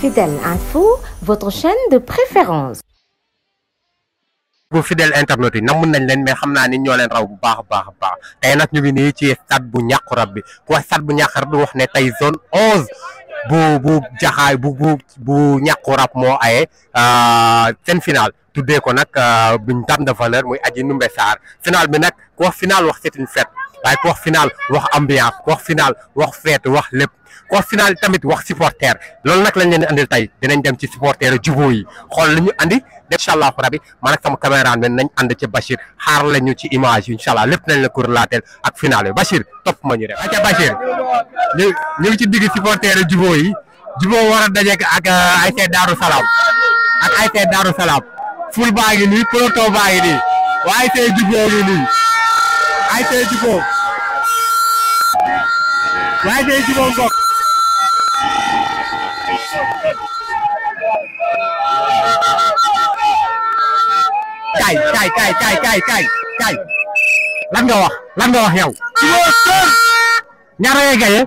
Fidèle Info, votre chaîne de préférence. bu fidèle internet yi namoon nañ mais xam ni ñoo leen raw bu baax baax baax tey nag ñu ngi nii ci stade bu Niakoulrab bi ku wax stade bu Niakoulrab bi wax ne tey zone onze bu bu jaxaay bu bu bu Niakoulrab moo aye euh, seen final tuddee ko nag euh, buñ dame de valeur muy Adji Ndoumbé Sarr final bi nag ku wax final wax c'est une fête waaye ku wax final wax ambiance ku wax final wax fête wax lépp ku wax final tamit wax supporter loolu nag lañ leen di andil tey dinañ dem ci supporter jubóo yi xool lu ñu andi incha allah rabi man ak sama caméraman man nañ ànd ci Bachir xaar lañu ci image yi incha allah lépp nañ la ko relater ak final yi Bachir topp ma ñu rek. ayca Bachir ñu ñu ngi ci digg supporter jubóo yi jubóo war a ak ay Daaru Salaam ful baa nii proto baa nii waaye see ai Aïté Djibo Aïté Djibo Ngok Cay, cay, cay, cay, cay, cay, cay Lan nga wax, lan nga wax yow Djibo dóor Ñaara ngay gaye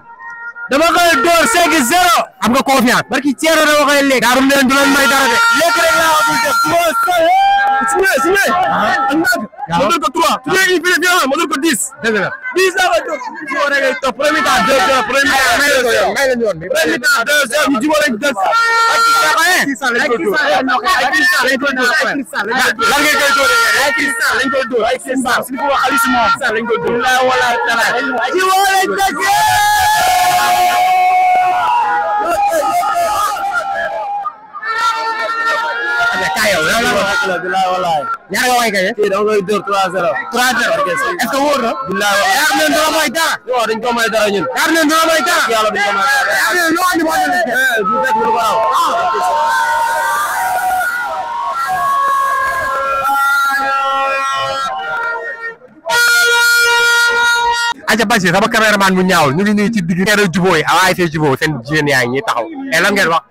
dama koy dóor 5 0 am nga confiance barki ceero dama koy lekk daarum leen du leen may dara de lekk rek laa amul def Djibo dóor signé signé. ak nag. ma doon ko trois. su dee fii fii ah ma doon ko dix. dëgg la dix laa koy toog. jiw rek ay toog premier temps deux heures premier temps deux heures. premier temps deux heures ñu jiw rek deux heures. ak kii sax lañ koy dóor ak kii sax lañ koy dóor ak kii sax lañ koy dóor. lan ngay koy dóoree ak kii sax lañ koy dóor. ak kii sax suñu ko wax Aliou Simon. sax lañ koy dóor. wala wala. jiw wala dëgg. kaay yow yow la bilaay walaay ñaar nga way kay kii da ngay dóor 3-0 3-0 est-ce que wóor na bilaay walaay yaar leen doo may dara waaw dañ ko may dara ñun yaar leen doo may dara yàlla dañ ko may dara yaar leen loo andi moo def eh du fekk lu ko raw Aja Basi sama cameraman bu ñaawul ñu ngi nii ci digg teere jubóo yi ASC jubóo seen jigéen yaa ngi taxaw e lan ngeen wax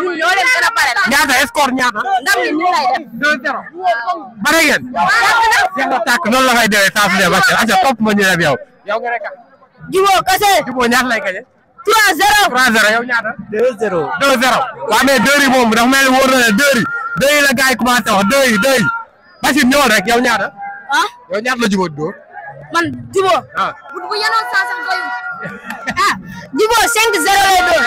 ñun ñoo leen gën a pare la. ñaata score ñaata. ndam li ñu lay def. 2-0. bare ngeen. jeex na tàkk noonu la ngay demee saa su dee ba topp ma ñu dem yow. yow nga rek a. jubóo kese. jubóo ñaata lay gañe. 3-0. 3-0 yow ñaata. 2-0. 2-0 waaw mais deux yi moom dafa mel ni wóor na ne deux la gars yi commencé wax deux yi rek yow ñaata. ah ñaata la jubóo dóor. man jubóo. ah, ah lay doon.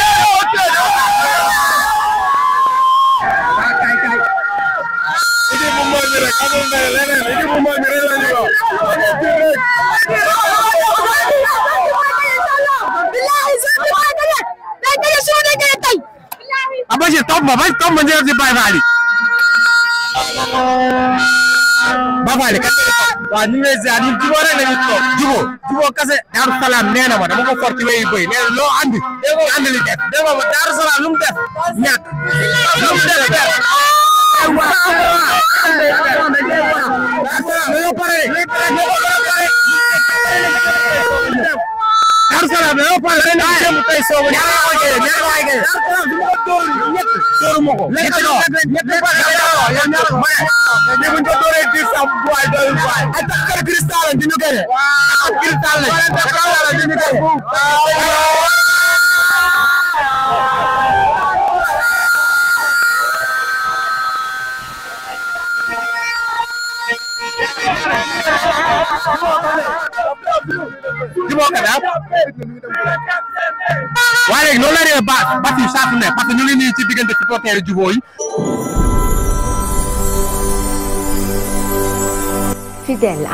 tomba bañ tomba njëriñ si Baye Fall yi Baye Fall yi waaw ñu ngi lay ziar ñun jubóo rek la ñuy toog jubóo jubóo kase Daaru Salaam nee na ma dama ko for ci wéyu bëy nee na loo andi. dégg nga andi li def dégg nga Daaru Salaam lu mu def ñàkk lu mu def combat bi ba pare na dem tey soobu ni ko jëlee ñaar waay gëj ko door ñett dooruma ko ñett do ñett ba ya ñaar waay ni buñ ko dooree di sa boy doyul waay ak takkar cristal diñu gëre waaw cristal lañ takkar la diñu gëre ci moo ko daal waaye la dee ba bas yi saa ne parce ñu ngi nii ci supporter yi Fidèle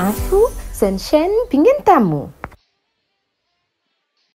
chaîne